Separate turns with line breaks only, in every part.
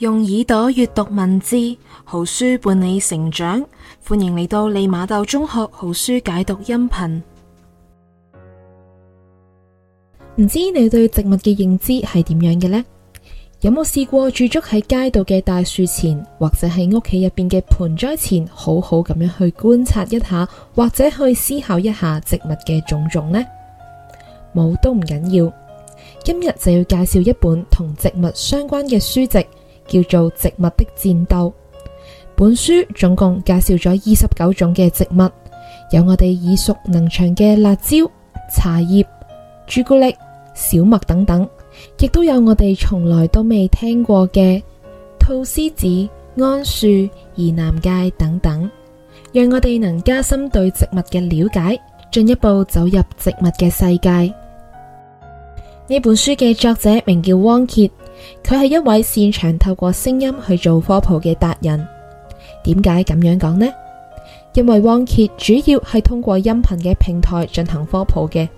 用耳朵閱讀文字，好書伴你成長。歡迎嚟到利馬竇中學好書解讀音頻。唔知你對植物嘅認知係點樣嘅呢？有冇試過駐足喺街道嘅大樹前，或者喺屋企入邊嘅盆栽前，好好咁樣去觀察一下，或者去思考一下植物嘅種種呢？冇都唔緊要。今日就要介紹一本同植物相關嘅書籍。叫做《植物的戰鬥》，本書總共介紹咗二十九種嘅植物，有我哋耳熟能詳嘅辣椒、茶葉、朱古力、小麥等等，亦都有我哋從來都未聽過嘅菟絲子、桉樹、宜南芥等等，讓我哋能加深對植物嘅了解，進一步走入植物嘅世界。呢本書嘅作者名叫汪詰。佢係一位擅長透過聲音去做科普嘅達人。點解咁樣講呢？因為汪詰主要係通過音頻嘅平台進行科普嘅。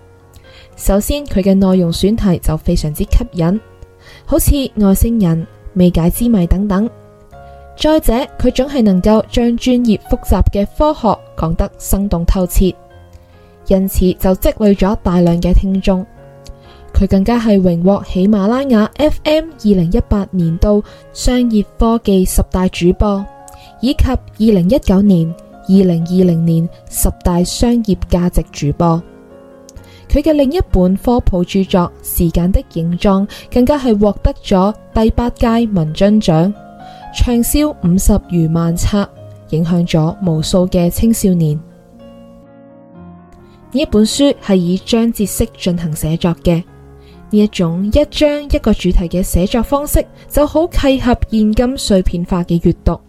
首先，佢嘅內容選題就非常之吸引，好似外星人、未解之謎等等。再者，佢總係能夠將專業複雜嘅科學講得生動透徹，因此就積累咗大量嘅聽眾。佢更加係榮獲喜馬拉雅 FM 二零一八年度商業科技十大主播，以及二零一九年、二零二零年十大商業價值主播。佢嘅另一本科普著作《時間的形狀》更加係獲得咗第八屆文津獎，暢銷五十餘萬冊，影響咗無數嘅青少年。呢一本書係以章節式進行寫作嘅。呢一種一章一個主題嘅寫作方式就好契合現今碎片化嘅閱讀，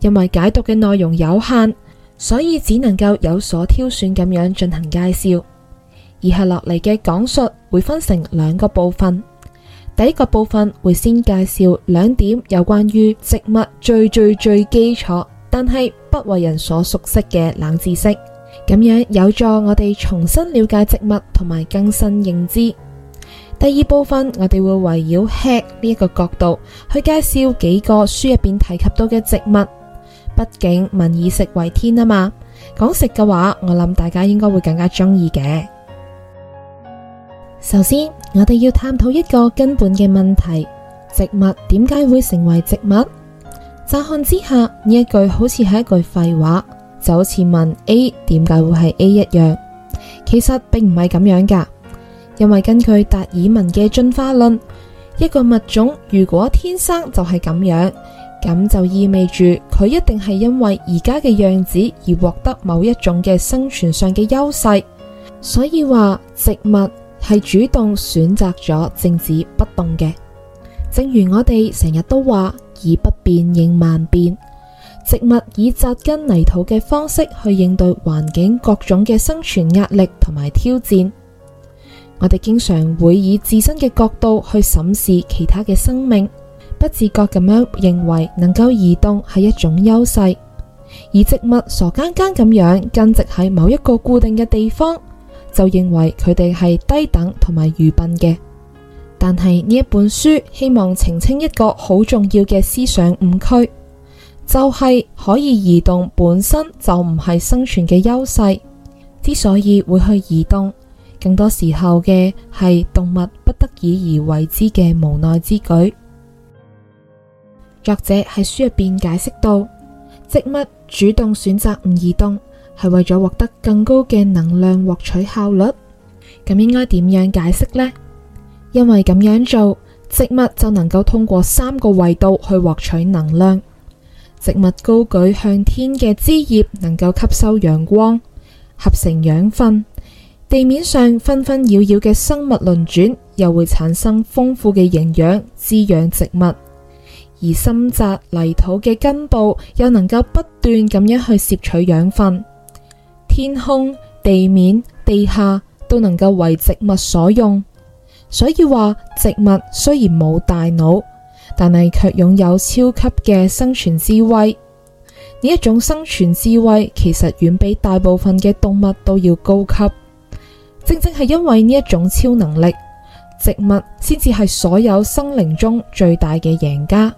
因為解讀嘅內容有限，所以只能夠有所挑選咁樣進行介紹。而下落嚟嘅講述會分成兩個部分，第一個部分會先介紹兩點有關於植物最最最最基礎，但係不為人所熟悉嘅冷知識，咁樣有助我哋重新了解植物同埋更新認知。第二部分，我哋會圍繞吃呢一個角度去介紹幾個書入邊提及到嘅植物。畢竟民以食為天啊嘛，講食嘅話，我諗大家應該會更加中意嘅。首先，我哋要探討一個根本嘅問題：植物點解會成為植物？乍看之下，呢一句好似係一句廢話，就好似問 A 點解會係 A 一樣。其實並唔係咁樣噶。因為根據達爾文嘅進化論，一個物種如果天生就係咁樣，咁就意味住佢一定係因為而家嘅樣子而獲得某一種嘅生存上嘅優勢。所以話植物係主動選擇咗靜止不動嘅，正如我哋成日都話以不變應萬變，植物以紮根泥土嘅方式去應對環境各種嘅生存壓力同埋挑戰。我哋經常會以自身嘅角度去審視其他嘅生命，不自覺咁樣認為能夠移動係一種優勢，而植物傻更更咁樣根植喺某一個固定嘅地方，就認為佢哋係低等同埋愚笨嘅。但係呢一本書希望澄清一個好重要嘅思想誤區，就係可以移動本身就唔係生存嘅優勢，之所以會去移動。更多時候嘅係動物不得已而為之嘅無奈之舉。作者喺書入邊解釋到，植物主動選擇唔移動係為咗獲得更高嘅能量獲取效率。咁應該點樣解釋呢？因為咁樣做，植物就能夠通過三個維度去獲取能量。植物高舉向天嘅枝葉，能夠吸收陽光，合成養分。地面上紛紛擾擾嘅生物輪轉，又會產生豐富嘅營養，滋養植物。而深扎泥土嘅根部又能夠不斷咁樣去攝取養分。天空、地面、地下都能夠為植物所用，所以話植物雖然冇大腦，但係卻擁有超級嘅生存智慧。呢一種生存智慧其實遠比大部分嘅動物都要高級。正正係因為呢一種超能力，植物先至係所有生靈中最大嘅贏家。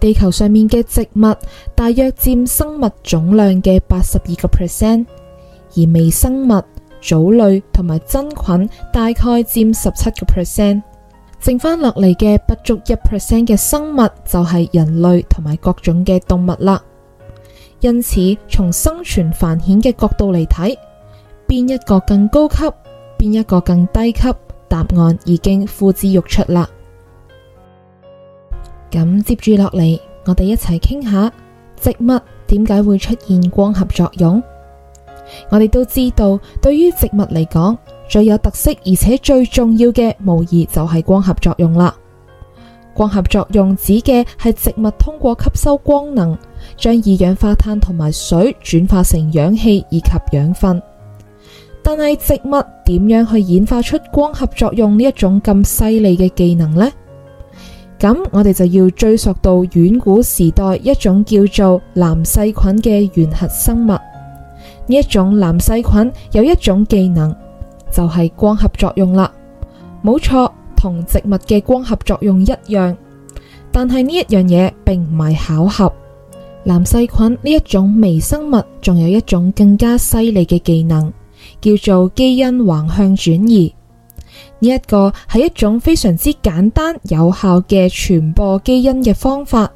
地球上面嘅植物大約佔生物總量嘅八十二個 percent，而微生物、藻類同埋真菌大概佔十七個 percent，剩翻落嚟嘅不足一 percent 嘅生物就係人類同埋各種嘅動物啦。因此，從生存繁衍嘅角度嚟睇。邊一個更高級，邊一個更低級？答案已經呼之欲出啦。咁接住落嚟，我哋一齊傾下植物點解會出現光合作用。我哋都知道，對於植物嚟講，最有特色而且最重要嘅，無疑就係光合作用啦。光合作用指嘅係植物通過吸收光能，將二氧化碳同埋水轉化成氧氣以及養分。但係植物點樣去演化出光合作用呢一種咁犀利嘅技能呢？咁我哋就要追溯到遠古時代一種叫做藍細菌嘅原核生物，呢一種藍細菌有一種技能就係光合作用啦，冇錯，同植物嘅光合作用一樣。但係呢一樣嘢並唔係巧合，藍細菌呢一種微生物仲有一種更加犀利嘅技能。叫做基因橫向轉移。呢一個係一種非常之簡單有效嘅傳播基因嘅方法。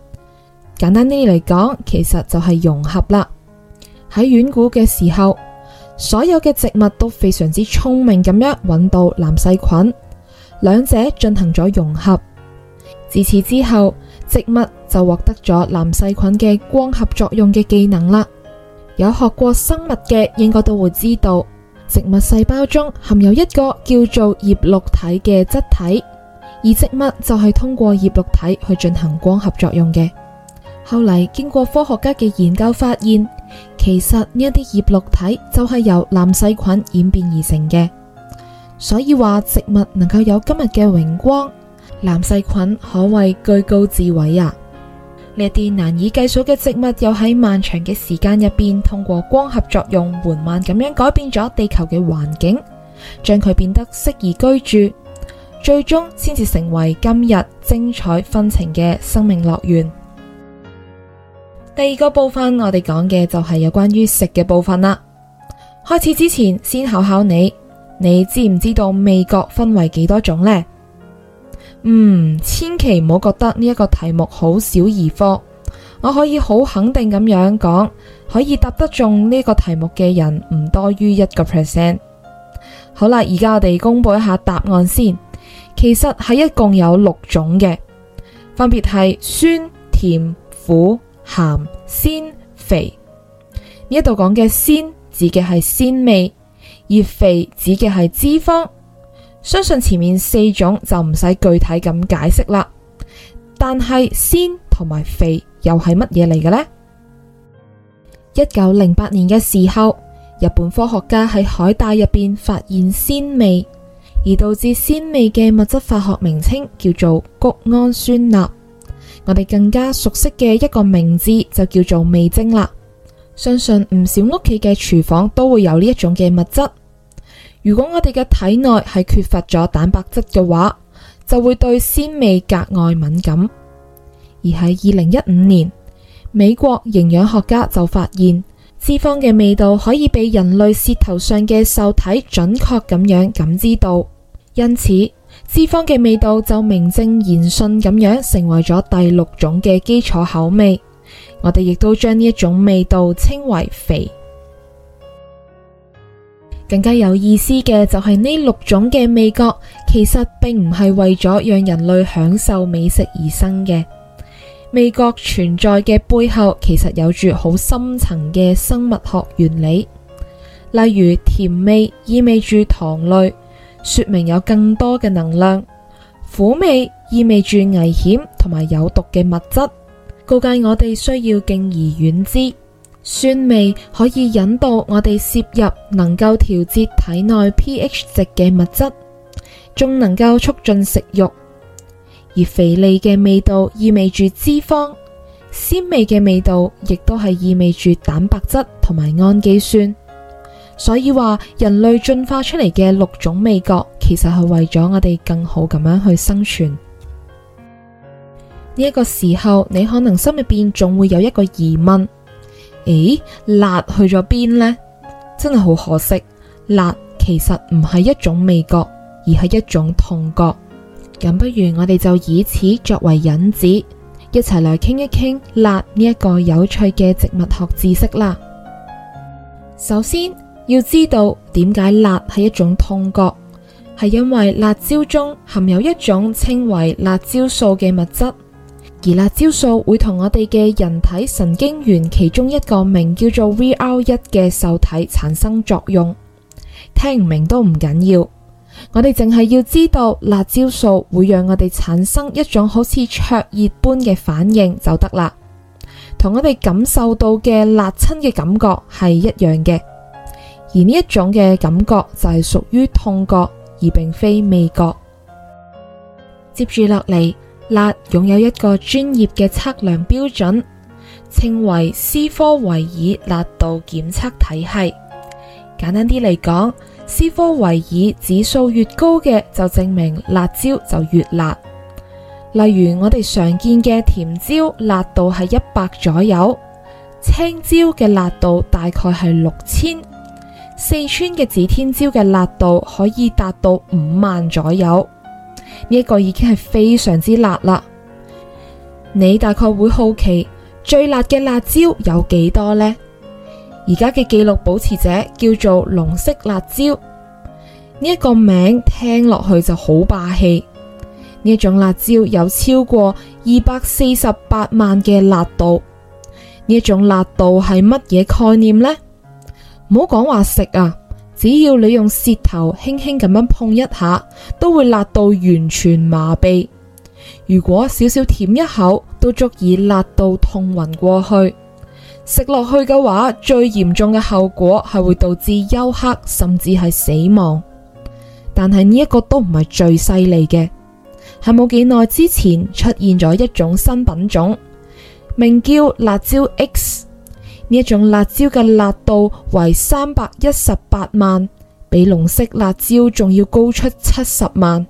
簡單啲嚟講，其實就係融合啦。喺遠古嘅時候，所有嘅植物都非常之聰明咁樣揾到藍細菌，兩者進行咗融合。自此之後，植物就獲得咗藍細菌嘅光合作用嘅技能啦。有學過生物嘅，應該都會知道。植物細胞中含有一個叫做葉綠體嘅質體，而植物就係通過葉綠體去進行光合作用嘅。後嚟經過科學家嘅研究發現，其實呢一啲葉綠體就係由藍細菌演變而成嘅，所以話植物能夠有今日嘅榮光，藍細菌可謂居高至偉啊！呢啲難以計數嘅植物，又喺漫長嘅時間入邊，通過光合作用緩慢咁樣改變咗地球嘅環境，將佢變得適宜居住，最終先至成為今日精彩紛呈嘅生命樂園。第二個部分，我哋講嘅就係有關於食嘅部分啦。開始之前，先考考你，你知唔知道味覺分為幾多種呢？嗯，千祈唔好覺得呢一個題目好小兒科，我可以好肯定咁樣講，可以答得中呢個題目嘅人唔多於一個 percent。好啦，而家我哋公布一下答案先。其實係一共有六種嘅，分別係酸、甜、苦、咸、鮮、肥。呢度講嘅鮮指嘅係鮮味，而肥指嘅係脂肪。相信前面四種就唔使具體咁解釋啦，但係鮮同埋肥又係乜嘢嚟嘅呢？一九零八年嘅時候，日本科學家喺海帶入邊發現鮮味，而導致鮮味嘅物質化學名稱叫做谷氨酸鈉，我哋更加熟悉嘅一個名字就叫做味精啦。相信唔少屋企嘅廚房都會有呢一種嘅物質。如果我哋嘅體內係缺乏咗蛋白質嘅話，就會對鮮味格外敏感。而喺二零一五年，美國營養學家就發現，脂肪嘅味道可以被人類舌頭上嘅受體準確咁樣感知到，因此脂肪嘅味道就名正言順咁樣成為咗第六種嘅基礎口味。我哋亦都將呢一種味道稱為肥。更加有意思嘅就係、是、呢六種嘅味覺，其實並唔係為咗讓人類享受美食而生嘅。味覺存在嘅背後，其實有住好深層嘅生物學原理。例如，甜味意味住糖類，說明有更多嘅能量；苦味意味住危險同埋有毒嘅物質，告誡我哋需要敬而遠之。酸味可以引導我哋攝入能夠調節體內 pH 值嘅物質，仲能夠促進食慾。而肥膩嘅味道意味住脂肪，鮮味嘅味道亦都係意味住蛋白質同埋氨基酸。所以話，人類進化出嚟嘅六種味覺，其實係為咗我哋更好咁樣去生存。呢一個時候，你可能心入邊仲會有一個疑問。咦、欸，辣去咗邊呢？真係好可惜。辣其實唔係一種味覺，而係一種痛覺。咁不如我哋就以此作為引子，一齊嚟，傾一傾辣呢一個有趣嘅植物學知識啦。首先要知道點解辣係一種痛覺，係因為辣椒中含有一種稱為辣椒素嘅物質。而辣椒素會同我哋嘅人體神經元其中一個名叫做 VR1 嘅受體產生作用，聽唔明都唔緊要，我哋淨係要知道辣椒素會讓我哋產生一種好似灼熱般嘅反應就得啦，同我哋感受到嘅辣親嘅感覺係一樣嘅，而呢一種嘅感覺就係屬於痛覺，而並非味覺。接住落嚟。辣擁有一個專業嘅測量標準，稱為斯科維爾辣度檢測體系。簡單啲嚟講，斯科維爾指數越高嘅，就證明辣椒就越辣。例如我哋常見嘅甜椒辣度係一百左右，青椒嘅辣度大概係六千，四川嘅指天椒嘅辣度可以達到五萬左右。呢一個已經係非常之辣啦，你大概會好奇最辣嘅辣椒有幾多呢？而家嘅紀錄保持者叫做龍息辣椒，呢、這、一個名聽落去就好霸氣。呢一種辣椒有超過二百四十八萬嘅辣度，呢一種辣度係乜嘢概念呢？唔好講話食啊！只要你用舌頭輕輕咁樣碰一下，都會辣到完全麻痹；如果少少舔一口，都足以辣到痛暈過去。食落去嘅話，最嚴重嘅後果係會導致休克，甚至係死亡。但係呢一個都唔係最犀利嘅，係冇幾耐之前出現咗一種新品種，名叫辣椒 X。呢一種辣椒嘅辣度為三百一十八萬，比龍息辣椒仲要高出七十萬。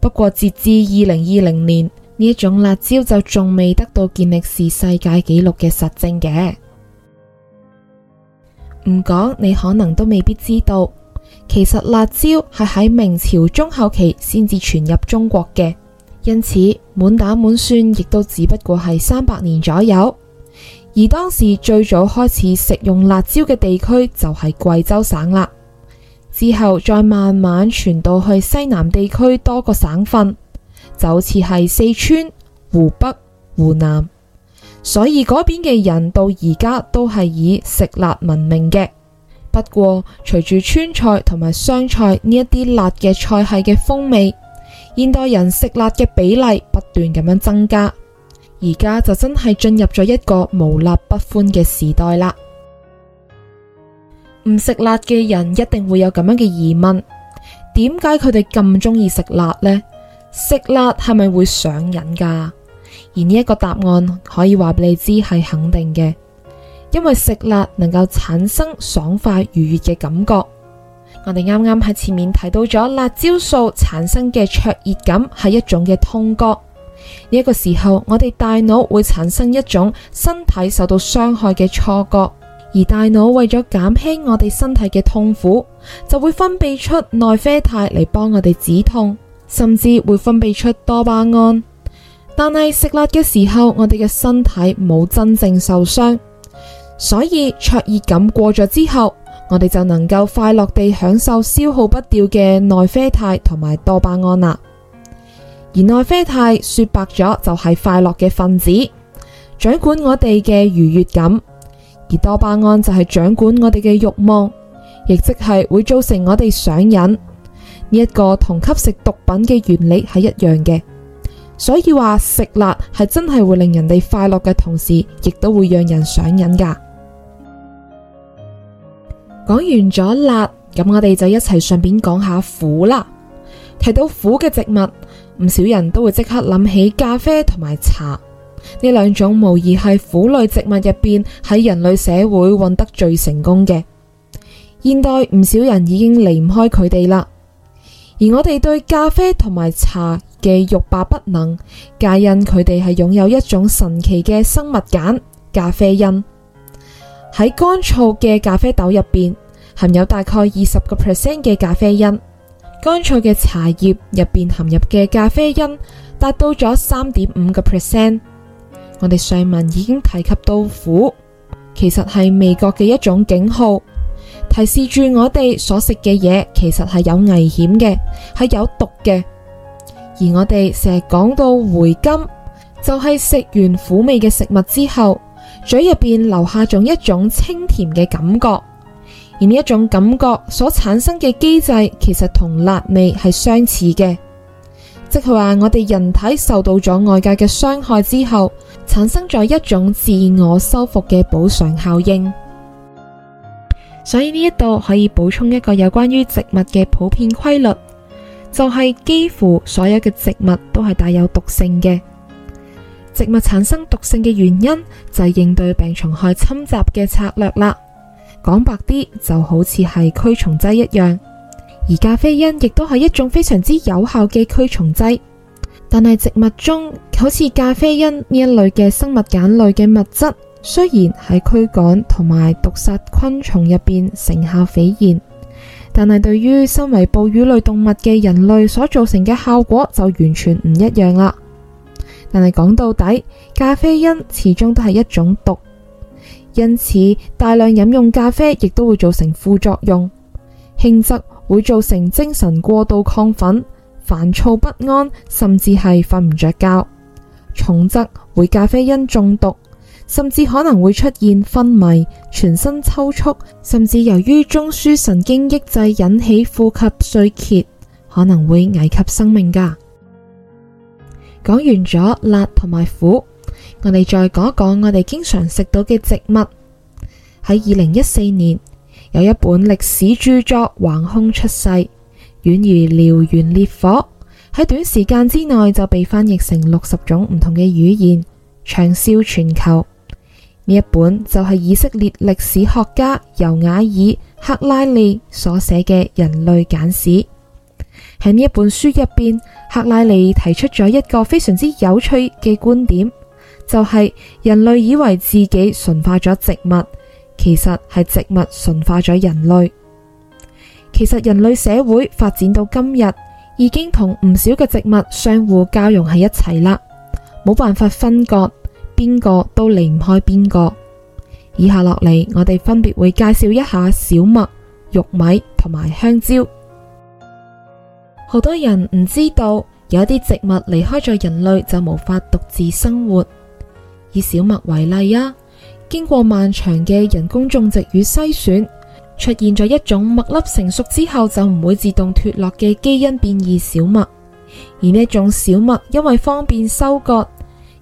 不過截至二零二零年，呢一種辣椒就仲未得到健力士世界紀錄嘅實證嘅。唔講你可能都未必知道，其實辣椒係喺明朝中後期先至傳入中國嘅，因此滿打滿算亦都只不過係三百年左右。而當時最早開始食用辣椒嘅地區就係貴州省啦，之後再慢慢傳到去西南地區多個省份，就好似係四川、湖北、湖南，所以嗰邊嘅人到而家都係以食辣聞名嘅。不過隨住川菜同埋湘菜呢一啲辣嘅菜系嘅風味，現代人食辣嘅比例不斷咁樣增加。而家就真係進入咗一個無辣不歡嘅時代啦。唔食辣嘅人一定會有咁樣嘅疑問：點解佢哋咁鍾意食辣呢？食辣係咪會上癮噶？而呢一個答案可以話俾你知係肯定嘅，因為食辣能夠產生爽快愉悅嘅感覺。我哋啱啱喺前面提到咗辣椒素產生嘅灼熱感係一種嘅痛覺。呢個時候，我哋大腦會產生一種身體受到傷害嘅錯覺，而大腦為咗減輕我哋身體嘅痛苦，就會分泌出內啡肽嚟幫我哋止痛，甚至會分泌出多巴胺。但係食辣嘅時候，我哋嘅身體冇真正受傷，所以灼熱感過咗之後，我哋就能夠快樂地享受消耗不掉嘅內啡肽同埋多巴胺啦。而內啡肽說白咗就係快樂嘅分子，掌管我哋嘅愉悅感；而多巴胺就係掌管我哋嘅慾望，亦即係會造成我哋上癮。呢一個同吸食毒品嘅原理係一樣嘅，所以話食辣係真係會令人哋快樂嘅，同時亦都會讓人上癮噶。講完咗辣，咁我哋就一齊順便講下苦啦。提到苦嘅植物，唔少人都會即刻諗起咖啡同埋茶呢兩種，無疑係苦類植物入邊喺人類社會混得最成功嘅。現代唔少人已經離唔開佢哋啦。而我哋對咖啡同埋茶嘅欲罷不能，皆因佢哋係擁有一種神奇嘅生物鹼——咖啡因。喺乾燥嘅咖啡豆入邊，含有大概二十個 percent 嘅咖啡因。乾燥嘅茶葉入邊含入嘅咖啡因達到咗三點五個 percent。我哋上文已經提及到苦，其實係味覺嘅一種警號，提示住我哋所食嘅嘢其實係有危險嘅，係有毒嘅。而我哋成日講到回甘，就係食完苦味嘅食物之後，嘴入邊留下咗一種清甜嘅感覺。而呢一種感覺所產生嘅機制，其實同辣味係相似嘅，即係話我哋人體受到咗外界嘅傷害之後，產生咗一種自我修復嘅補償效應。所以呢一度可以補充一個有關於植物嘅普遍規律，就係幾乎所有嘅植物都係帶有毒性嘅。植物產生毒性嘅原因，就係應對病蟲害侵襲嘅策略啦。講白啲就好似係驅蟲劑一樣，而咖啡因亦都係一種非常之有效嘅驅蟲劑。但係植物中好似咖啡因呢一類嘅生物鹼類嘅物質，雖然喺驅趕同埋毒殺昆蟲入邊成效斐然，但係對於身為哺乳類動物嘅人類所造成嘅效果就完全唔一樣啦。但係講到底，咖啡因始終都係一種毒。因此，大量飲用咖啡亦都會造成副作用，輕則會造成精神過度亢奮、煩躁不安，甚至係瞓唔着覺；重則會咖啡因中毒，甚至可能會出現昏迷、全身抽搐，甚至由於中樞神經抑制引起呼吸衰竭，可能會危及生命㗎。講完咗辣同埋苦。我哋再講一講，我哋經常食到嘅植物。喺二零一四年，有一本歷史著作橫空出世，宛如燎原烈火，喺短時間之內就被翻譯成六十種唔同嘅語言，暢銷全球。呢一本就係以色列歷史學家尤瓦爾克拉利所寫嘅《人類簡史》。喺呢一本書入邊，克拉利提出咗一個非常之有趣嘅觀點。就係人類以為自己馴化咗植物，其實係植物馴化咗人類。其實人類社會發展到今日，已經同唔少嘅植物相互交融喺一齊啦，冇辦法分割，邊個都離唔開邊個。以下落嚟，我哋分別會介紹一下小麥、玉米同埋香蕉。好多人唔知道，有一啲植物離開咗人類，就無法獨自生活。以小麥為例啊，經過漫長嘅人工種植與篩選，出現咗一種麥粒成熟之後就唔會自動脫落嘅基因變異小麥。而呢種小麥因為方便收割，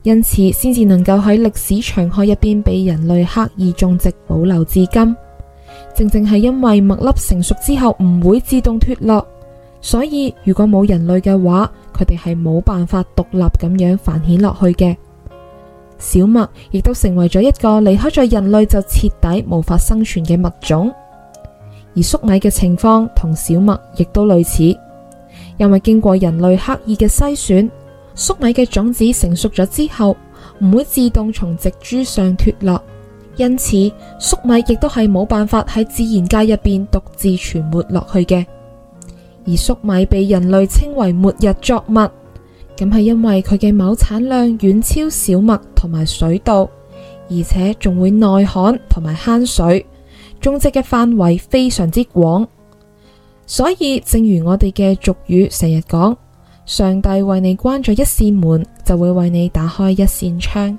因此先至能夠喺歷史長河入邊被人類刻意種植保留至今。正正係因為麥粒成熟之後唔會自動脫落，所以如果冇人類嘅話，佢哋係冇辦法獨立咁樣繁衍落去嘅。小麥亦都成為咗一個離開咗人類就徹底無法生存嘅物種，而粟米嘅情況同小麥亦都類似，因為經過人類刻意嘅篩選，粟米嘅種子成熟咗之後，唔會自動從植株上脫落，因此粟米亦都係冇辦法喺自然界入邊獨自存活落去嘅，而粟米被人類稱為末日作物。咁係因為佢嘅畝產量遠超小麥同埋水稻，而且仲會耐旱同埋慳水，種植嘅範圍非常之廣。所以，正如我哋嘅俗語成日講，上帝為你關咗一扇門，就會為你打開一扇窗。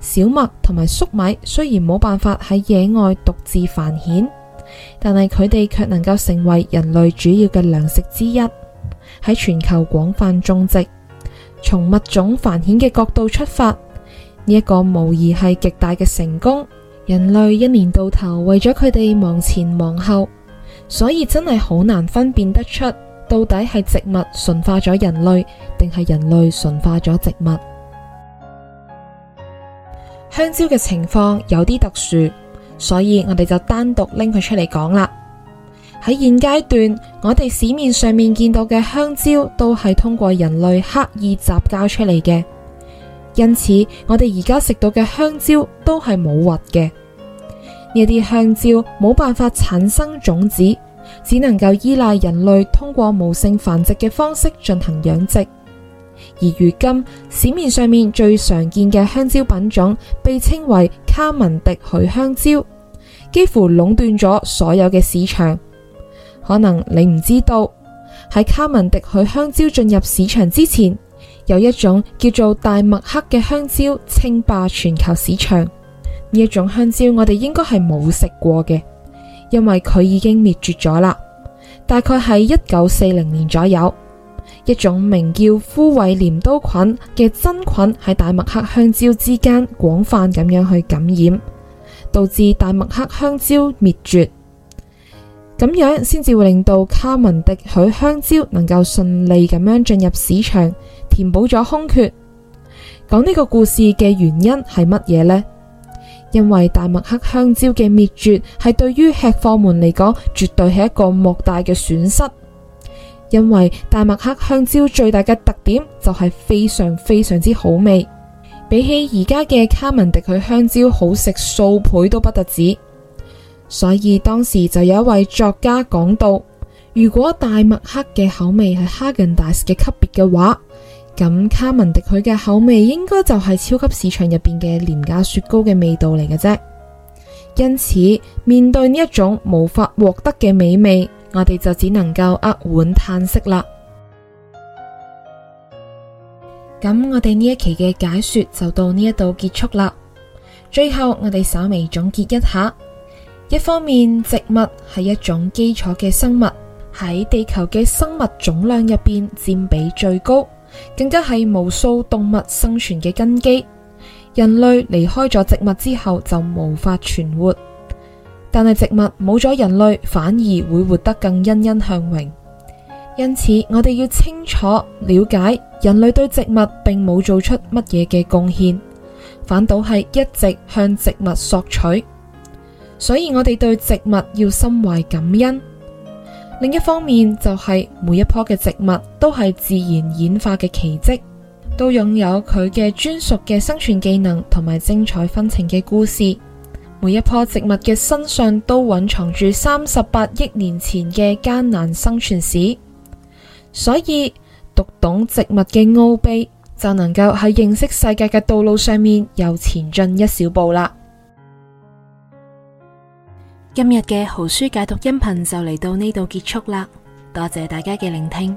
小麥同埋粟米雖然冇辦法喺野外獨自繁衍，但係佢哋卻能夠成為人類主要嘅糧食之一，喺全球廣泛種植。從物種繁衍嘅角度出發，呢一個無疑係極大嘅成功。人類一年到頭為咗佢哋忙前忙後，所以真係好難分辨得出到底係植物馴化咗人類，定係人類馴化咗植物。香蕉嘅情況有啲特殊，所以我哋就單獨拎佢出嚟講啦。喺現階段，我哋市面上面見到嘅香蕉都係通過人類刻意雜交出嚟嘅，因此我哋而家食到嘅香蕉都係冇核嘅。呢啲香蕉冇辦法產生種子，只能夠依賴人類通過無性繁殖嘅方式進行養殖。而如今市面上面最常見嘅香蕉品種被稱為卡文迪許香蕉，幾乎壟斷咗所有嘅市場。可能你唔知道，喺卡文迪許香蕉進入市場之前，有一種叫做大麥克嘅香蕉稱霸全球市場。呢一種香蕉我哋應該係冇食過嘅，因為佢已經滅絕咗啦。大概喺一九四零年左右，一種名叫枯萎鐮刀菌嘅真菌喺大麥克香蕉之間廣泛咁樣去感染，導致大麥克香蕉滅絕。咁樣先至會令到卡文迪許香蕉能夠順利咁樣進入市場，填補咗空缺。講呢個故事嘅原因係乜嘢呢？因為大麥克香蕉嘅滅絕係對於吃貨們嚟講，絕對係一個莫大嘅損失。因為大麥克香蕉最大嘅特點就係非常非常之好味，比起而家嘅卡文迪許香蕉好食數倍都不得止。所以當時就有一位作家講到，如果大麥克嘅口味係哈根達斯嘅級別嘅話，咁卡文迪許嘅口味應該就係超級市場入邊嘅廉價雪糕嘅味道嚟嘅啫。因此面對呢一種無法獲得嘅美味，我哋就只能夠扼腕嘆息啦。咁我哋呢一期嘅解說就到呢一度結束啦。最後我哋稍微總結一下。一方面，植物係一種基礎嘅生物，喺地球嘅生物總量入邊占比最高，更加係無數動物生存嘅根基。人類離開咗植物之後就無法存活，但係植物冇咗人類反而會活得更欣欣向榮。因此，我哋要清楚了解，人類對植物並冇做出乜嘢嘅貢獻，反倒係一直向植物索取。所以我哋對植物要心懷感恩。另一方面，就是，就係每一棵嘅植物都係自然演化嘅奇蹟，都擁有佢嘅專屬嘅生存技能同埋精彩紛呈嘅故事。每一棵植物嘅身上都蘊藏住三十八億年前嘅艱難生存史。所以，讀懂植物嘅奧秘，就能夠喺認識世界嘅道路上面又前進一小步啦。今日嘅好書解讀音頻就嚟到呢度結束啦，多謝大家嘅聆聽。